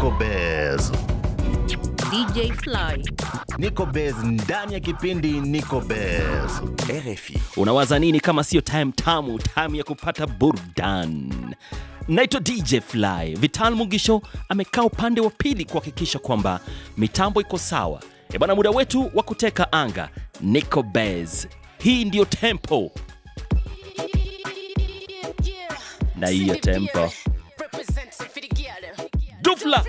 Nico Bez, DJ Fly, Nico Bez ndani ya kipindi Nico Bez RFI. Unawaza nini kama sio time tamu, time ya kupata burdan Naitwa DJ Fly. Vital Mugisho amekaa upande wa pili kuhakikisha kwamba mitambo iko sawa. E bana, muda wetu wa kuteka anga. Nico Bez, hii ndiyo tempo na hiyo tempo flop.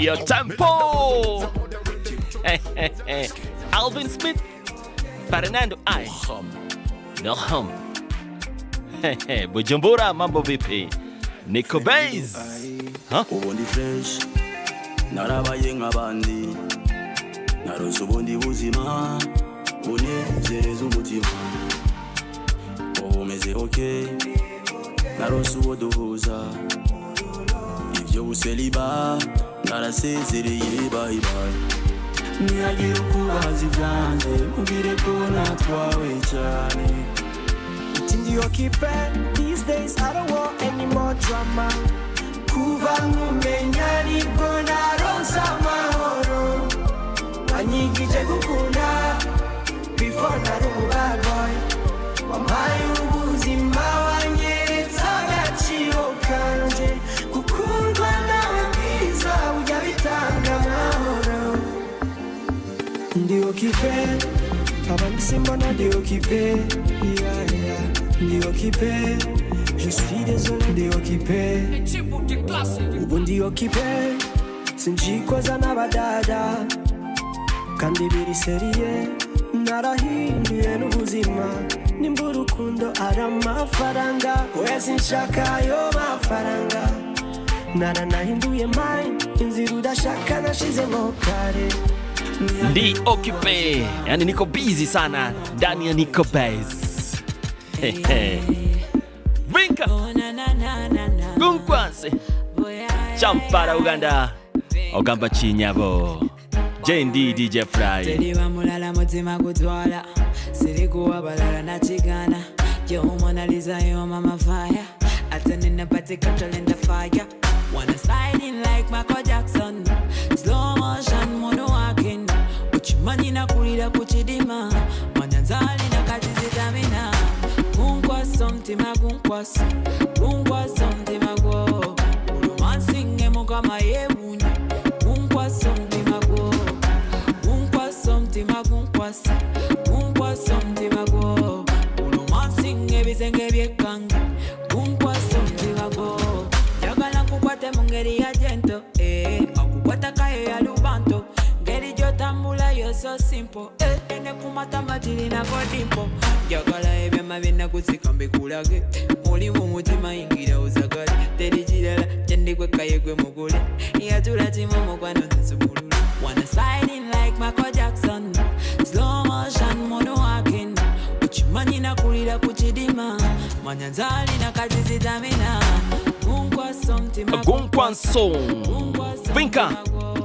your tempo. Alvin Smith, Fernando I. No hum. Bujumbura, mambo vipi? Nico Bays. Huh? narabaye nk'abandi naronse ubundi buzima bunezereza umutima ubu umeze oke naronse uwo duhuza ibyo buseliba narasinziriye ibibaye ibaye ukubazi ukubaza ibyanjye mubwire ko natwawe cyane utindi yo kipe these kuva nkumenya nibwo naronsa amahoro wanyigije gukunda before nari wampaye kipe Avant de occupé yeah, yeah. De occupé Je suis désolé de occupé Ubundi occupé Sinjikoza n'abadada kandi biriseriye narahinduye n'ubuzima nimba urukundo ari amafaranga wese nshaka ayo mafaranga naranahinduye mine inzira udashaka nashizemo kare Ndi occupé, yani niko busy sana ndani ya niko base. Vinka Gunkwase Champara Uganda Ogamba chinyabo JND DJ Fry Tediwa mulala mutima gutwala Sirikuwa balala na chigana Yo Mona Lisa yo mama fire Ata nina pati control in the fire Wanna slide in like Michael Jackson Slow motion mono walking Kuchimanyi nakulira kuchidima manyanzali nakachizitamina kunkwaso mtima kunkwaso kunkwaso mtima gwo ulumansinge mukama yewunye kunkwaso mtima gwo kunkwaso mtima kunkwaso kunkwaso mtima gwo ulumansinge bisenge byekange kunkwaso mtima gwo jagala nkukwate mu ngeri ya jento so simple eh, ene kumata majiri nakodimpo njagala ebyama byenakuzika mbikulage olimu mutima yingira uzagale teri kirala kyendikwekaye gwe mugule yatula kimu mukwano nzisumulula wanna sliding like michael jackson slow motion mono walking ukimanyi nakulira ku kidima manya nzalina kazizitamina gunkwaso ntima gunkwaso vinka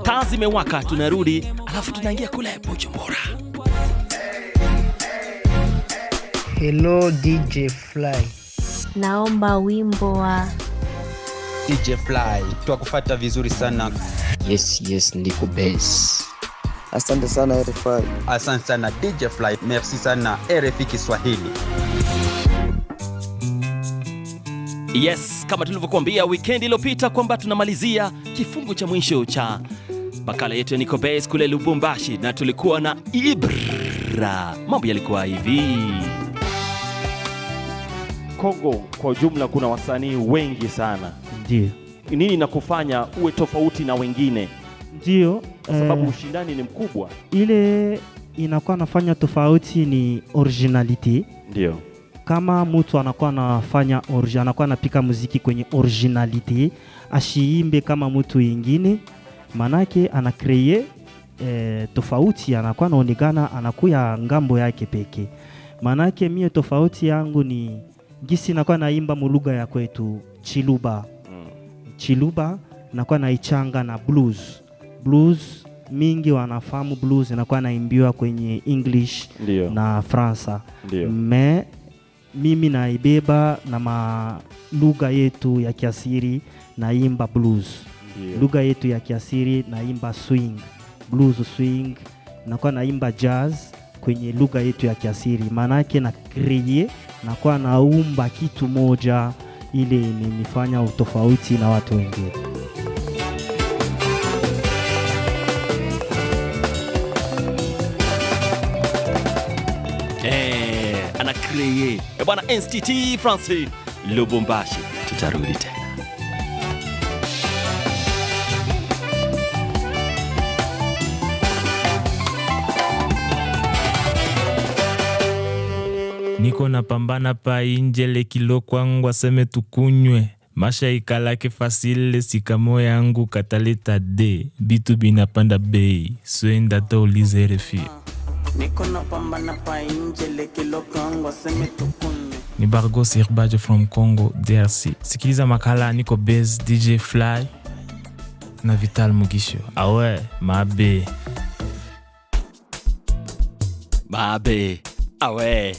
taa zimewaka, tunarudi alafu tunaingia kule Bujumbura. Hello DJ Fly, naomba wimbo wa DJ Fly. Twakufata vizuri sana. Yes, yes, ndiko base. Asante sana RFI. Asante sana DJ Fly. Merci sana RFI Kiswahili. Yes, kama tulivyokuambia weekend iliyopita kwamba tunamalizia kifungu cha mwisho cha Makala yetu ya Niko Base kule Lubumbashi, na tulikuwa na Ibra. Mambo yalikuwa hivi. Kongo kwa ujumla kuna wasanii wengi sana, ndio nini nakufanya uwe tofauti na wengine, ndio sababu eh, ushindani ni mkubwa. Ile inakuwa nafanya tofauti ni originality, ndio kama mtu anakuwa anafanya anakuwa anapika muziki kwenye originality, ashiimbe kama mtu ingine manake ana kreye e, eh, tofauti anakuwa anaonekana anakuya ngambo yake peke. Manake mie tofauti yangu ni gisi nakuwa naimba mulugha ya kwetu chiluba mm. chiluba nakuwa naichanga na blues blues mingi wanafahamu blues inakuwa naimbiwa kwenye English Dio. na Fransa me mimi naibeba na malugha yetu ya kiasiri naimba blues lugha yetu ya kiasiri naimba swing blues swing nakuwa naimba jazz kwenye lugha yetu ya kiasiri maana yake na kreye nakuwa naumba kitu moja ili imenifanya utofauti na watu wengine hey, eh, ana kreye eh, bwana NCT France Lubumbashi tutarudi tena niko na pambana pa injele kilo kwangu aseme tukunywe masha ikalake fasile sikamo yangu kataleta d bitu binapanda bei swenda ta ulize refi ni bargo sirbaje from congo drc sikiliza makala niko base dj fly na vital mugisho awe mabe mabe awe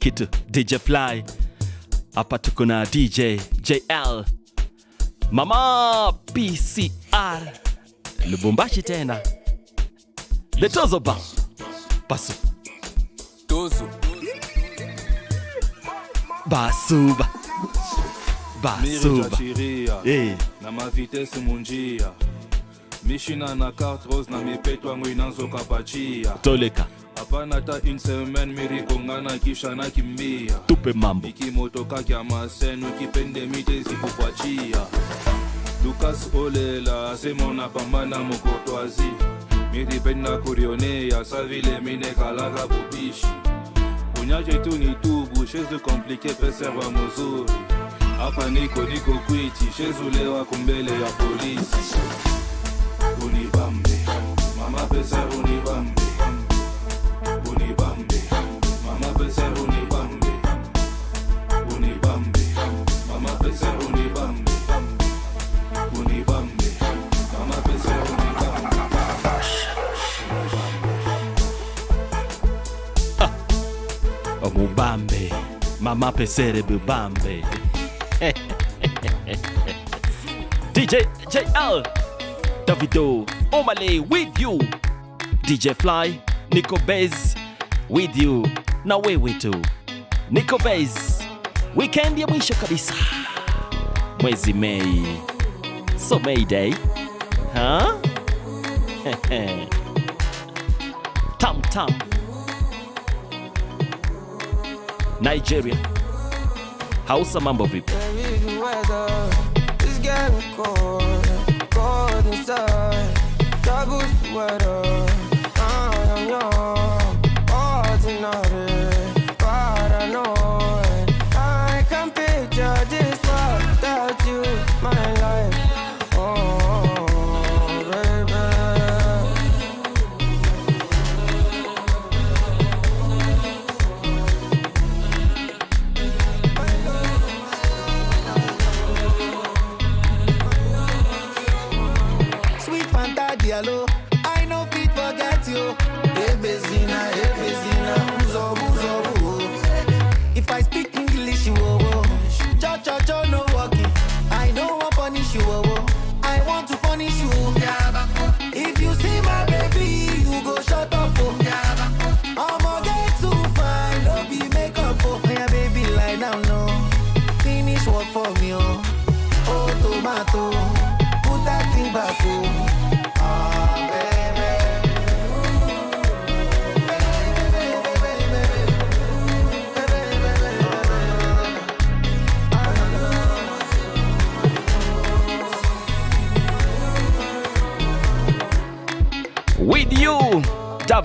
kitu DJ Fly. Hapa tuko na DJ JL, mama PCR, Lubumbashi tena The Tozo ba basu tozo basuba basuba hey. Eh. na mavitesi mungia. mishina na cartros na mipetwa yango kapachia. pachia toleka hapana hata insemen mirikongana kisha na kimbia tupe mambo ikimotoka kya masenu kipende mite zikukwachia Lukas Olela sema unapambana mukotwazi miripenda kurionea sa vile bubishi unyaje tu ni tubu shezu komplike peserva muzuri hapa niko niko kwiti shezu kumbele ya polisi unibambe mama pesa mama pesere bubambe DJ JL Davido Omale with you DJ Fly Nico Bez with you na wewe tu Nico Bez weekend ya mwisho kabisa mwezi Mei so May Day huh? tam tam Nigeria. Hausa, mambo vipi?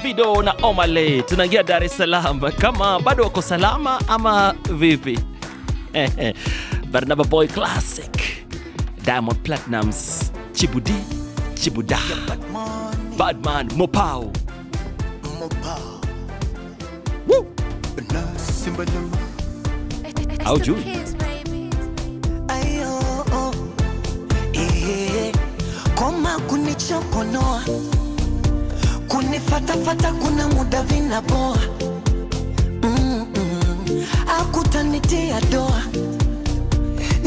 Davido na Omale. Tunaingia Dar es Salaam, kama bado wako salama ama vipi? Barnaba Boy Classic, Diamond Platnumz, Chibudi, Chibuda, Badman, Mopao au juu oh, koma kunichokonoa kunifatafata kuna muda vinaboa mm -mm. Akutanitia doa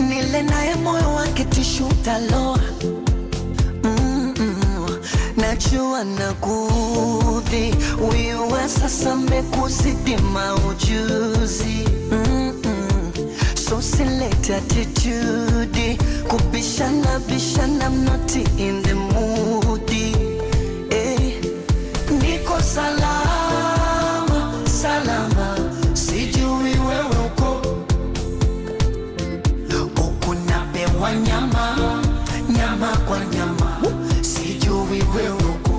nile naye moyo wake tishutaloa mm -mm. na kuudhi wiwa sasa mekuzidi maujuzi mm -mm. So select kubishana bishana, mnoti in the mood salama salama, sijui nyama nyama kwa nyama, sijui uko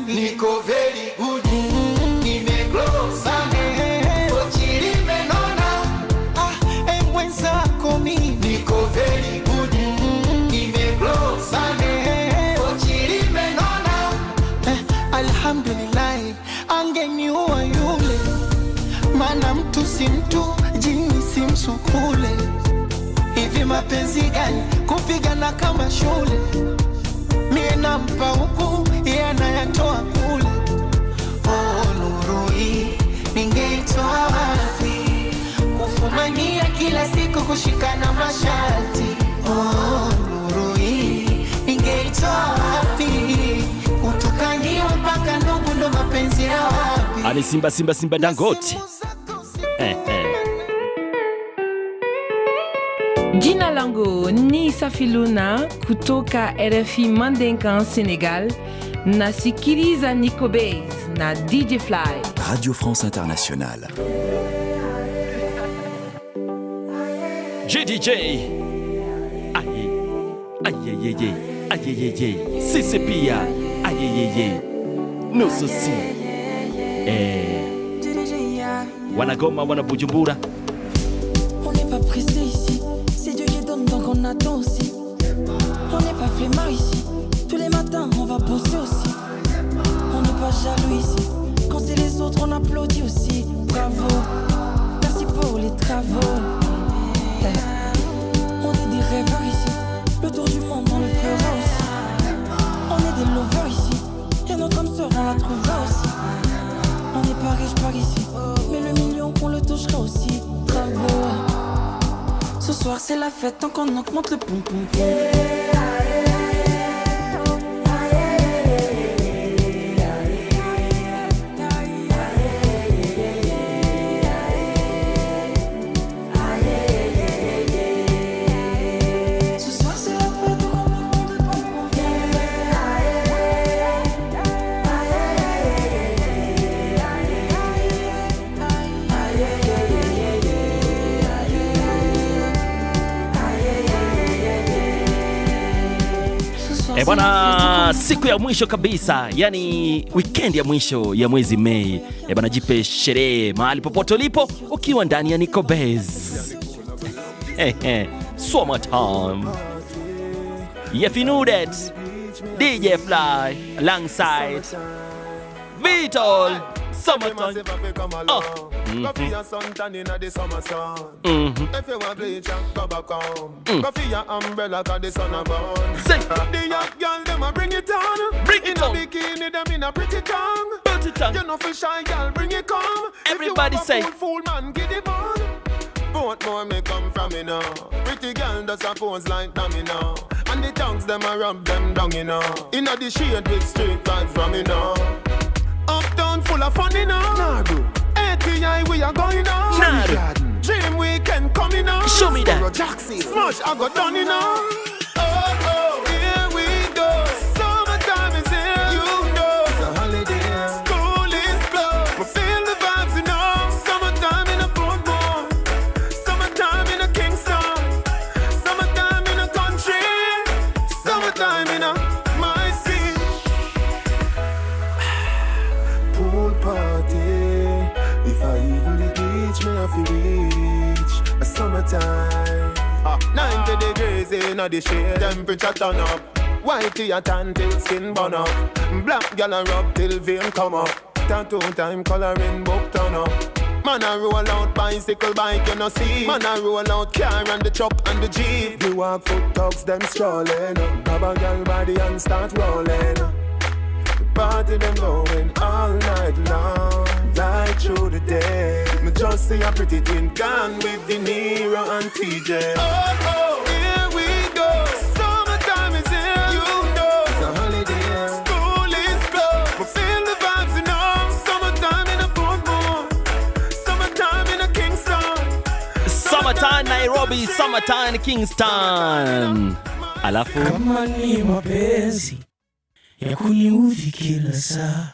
ndani. Niko very good. Nimeglow sana. Pochi limenona. Ah, eh, mwenzako mimi. Niko very good. Nimeglow sana. Pochi limenona. Eh, alhamdulillah. Angeniua yule. mana mtu si mtu, jini si msukule. Hivi mapenzi gani kupigana kama shule? nampa huku anayatoa kule. Oh, nuru hii ningeitoa wapi? Kufumania kila siku kushikana mashati Oh, nuru hii ningeitoa wapi? Kutukaniwa mpaka ndugu ndo mapenzi ya wapi? Ani Simba Simba Simba Dangote Jina langu ni Safiluna kutoka RFI Mandenkan Senegal nasikiliza Nico Base na DJ Fly Radio France Internationale. JDJ aye ayeyeye ayeyeye sisi pia ayeyeye nusu si eh, wanagoma wanabujumbura Quand c'est les autres, on applaudit aussi. Bravo, merci pour les travaux. Eh. On est des rêveurs ici. Le tour du monde, on le fera aussi. On est des lovers ici. Et notre âme sera on la trouvera aussi. On est pas riche par ici. Mais le million, qu'on le touchera aussi. Bravo. Ce soir, c'est la fête, tant qu'on augmente le pompon Bwana, siku ya mwisho kabisa, yani wikendi ya mwisho ya mwezi Mei. E eh, bwana, jipe sherehe mahali popote ulipo, ukiwa ndani ya Niko Base. Summertime. Yefinudet DJ Fly alongside Vitol Summertime. Oh. Mm-hmm. sun tan inna the summer sun. Mm-hmm. If you want play, and mm. go back home. Mm. Coffee and umbrella cause the sun a burn. Say. The young girl them a bring it on. Bring it on. bikini them inna pretty tongue. Pretty tongue. You know for shy girl bring it come. Everybody if you say. Fool, fool man get it on. Both more may come from me now. Pretty girl does a pose like dummy now. And the tongues them a rub them down you know. Inna the shade with straight vibes from me now. Uptown full of fun you know. Nah, why we are going Nah. Dream weekend coming on. Show me that. Smush, I got done enough. time. Uh, 90 degrees in the shade, temperature turn up. Whitey a tan till skin burn up. Black gal a rub till vein come up. Tattoo time coloring book turn up. Man a roll out bicycle bike, you know see. Man a roll out car and the truck and the jeep. You walk foot talks, them strolling. Grab a gal body and start rolling party them going all night long, right through the day. Me just see a pretty twin gone with the Niro and TJ. Oh, oh, here we go. Summertime is you know. It's a holiday. School is We feel the vibes, you know. Summertime in a Summertime in a Kingston. Summertime Nairobi, summertime Kingston. Alafu ya kuniudhi kila saa,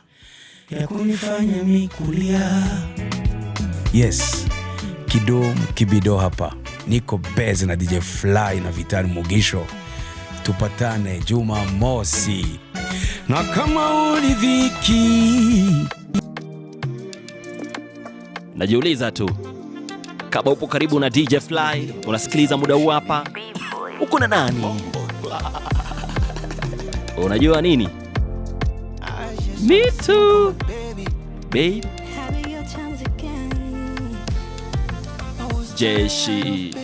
ya kunifanya mikulia. Yes, kidum Kibido hapa, niko Bez na DJ Fly na Vitali Mugisho. Tupatane Juma Mosi, na kama ulidhiki, najiuliza tu kama upo karibu na DJ Fly, unasikiliza muda huu hapa, uko na nani? Unajua nini? Me too, babe. JC.